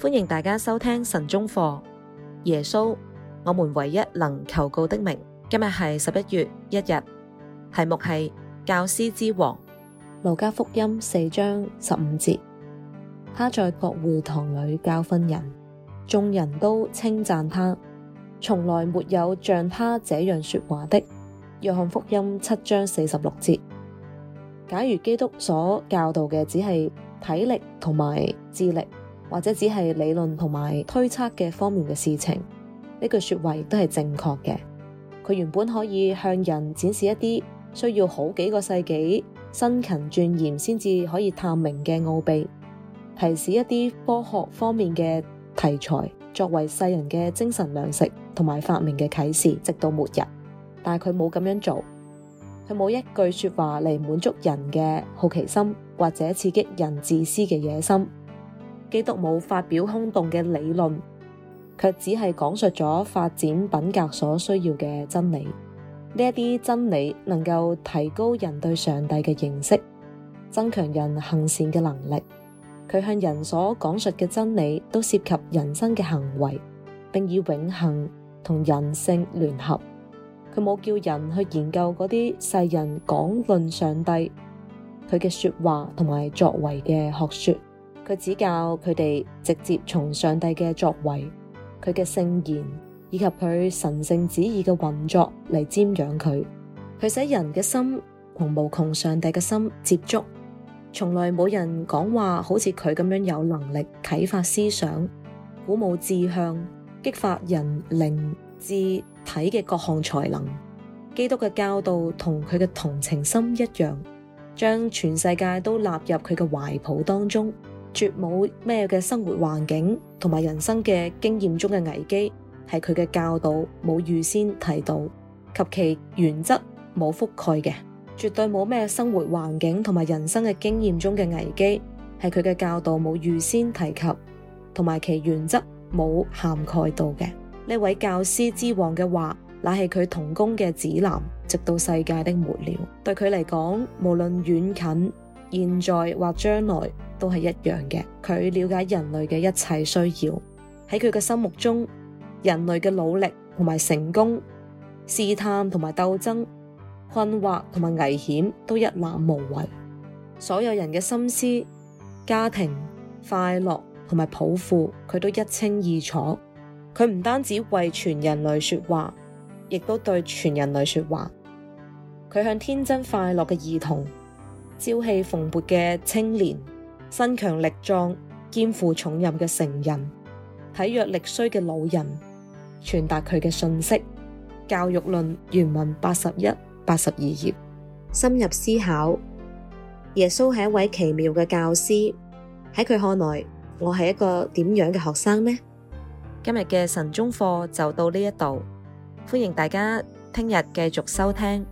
歡迎大家收聽晨鐘課。耶穌，我們唯一能求告的名。今日係十一月一日，題目係教師之王。路加福音四章十五節，他在各會堂裏教訓人，眾人都稱讚他，從來沒有像他這樣說話的。約翰福音七章四十六節，假如基督所教導嘅只係體力同埋智力。或者只係理論同埋推測嘅方面嘅事情，呢句說話亦都係正確嘅。佢原本可以向人展示一啲需要好幾個世紀辛勤鑽研先至可以探明嘅奧秘，提示一啲科學方面嘅題材，作為世人嘅精神糧食同埋發明嘅啟示，直到末日。但係佢冇咁樣做，佢冇一句說話嚟滿足人嘅好奇心，或者刺激人自私嘅野心。基督冇發表空洞嘅理論，卻只係講述咗發展品格所需要嘅真理。呢一啲真理能夠提高人對上帝嘅認識，增強人行善嘅能力。佢向人所講述嘅真理都涉及人生嘅行為，並以永恆同人性聯合。佢冇叫人去研究嗰啲世人講論上帝，佢嘅說話同埋作為嘅學說。佢指教佢哋直接從上帝嘅作為、佢嘅聖言以及佢神聖旨意嘅運作嚟瞻仰佢。佢使人嘅心同無窮上帝嘅心接觸。從來冇人講話好似佢咁樣有能力啟發思想、鼓舞志向、激發人靈智體嘅各項才能。基督嘅教導同佢嘅同情心一樣，將全世界都納入佢嘅懷抱當中。絕冇咩嘅生活環境同埋人生嘅經驗中嘅危機，係佢嘅教導冇預先提到，及其原則冇覆蓋嘅。絕對冇咩生活環境同埋人生嘅經驗中嘅危機，係佢嘅教導冇預先提及，同埋其原則冇涵蓋到嘅。呢位教師之王嘅話，乃係佢同工嘅指南，直到世界的末了。對佢嚟講，無論遠近，現在或將來。都係一樣嘅。佢了解人類嘅一切需要，喺佢嘅心目中，人類嘅努力同埋成功、試探同埋鬥爭、困惑同埋危險都一覽無遺。所有人嘅心思、家庭、快樂同埋抱負，佢都一清二楚。佢唔單止為全人類說話，亦都對全人類說話。佢向天真快樂嘅兒童、朝氣蓬勃嘅青年，身強力壯、肩負重任嘅成人，體弱力衰嘅老人，傳達佢嘅信息。教育論原文八十一、八十二頁，深入思考。耶穌係一位奇妙嘅教師，喺佢看來，我係一個點樣嘅學生呢？今日嘅晨鐘課就到呢一度，歡迎大家聽日繼續收聽。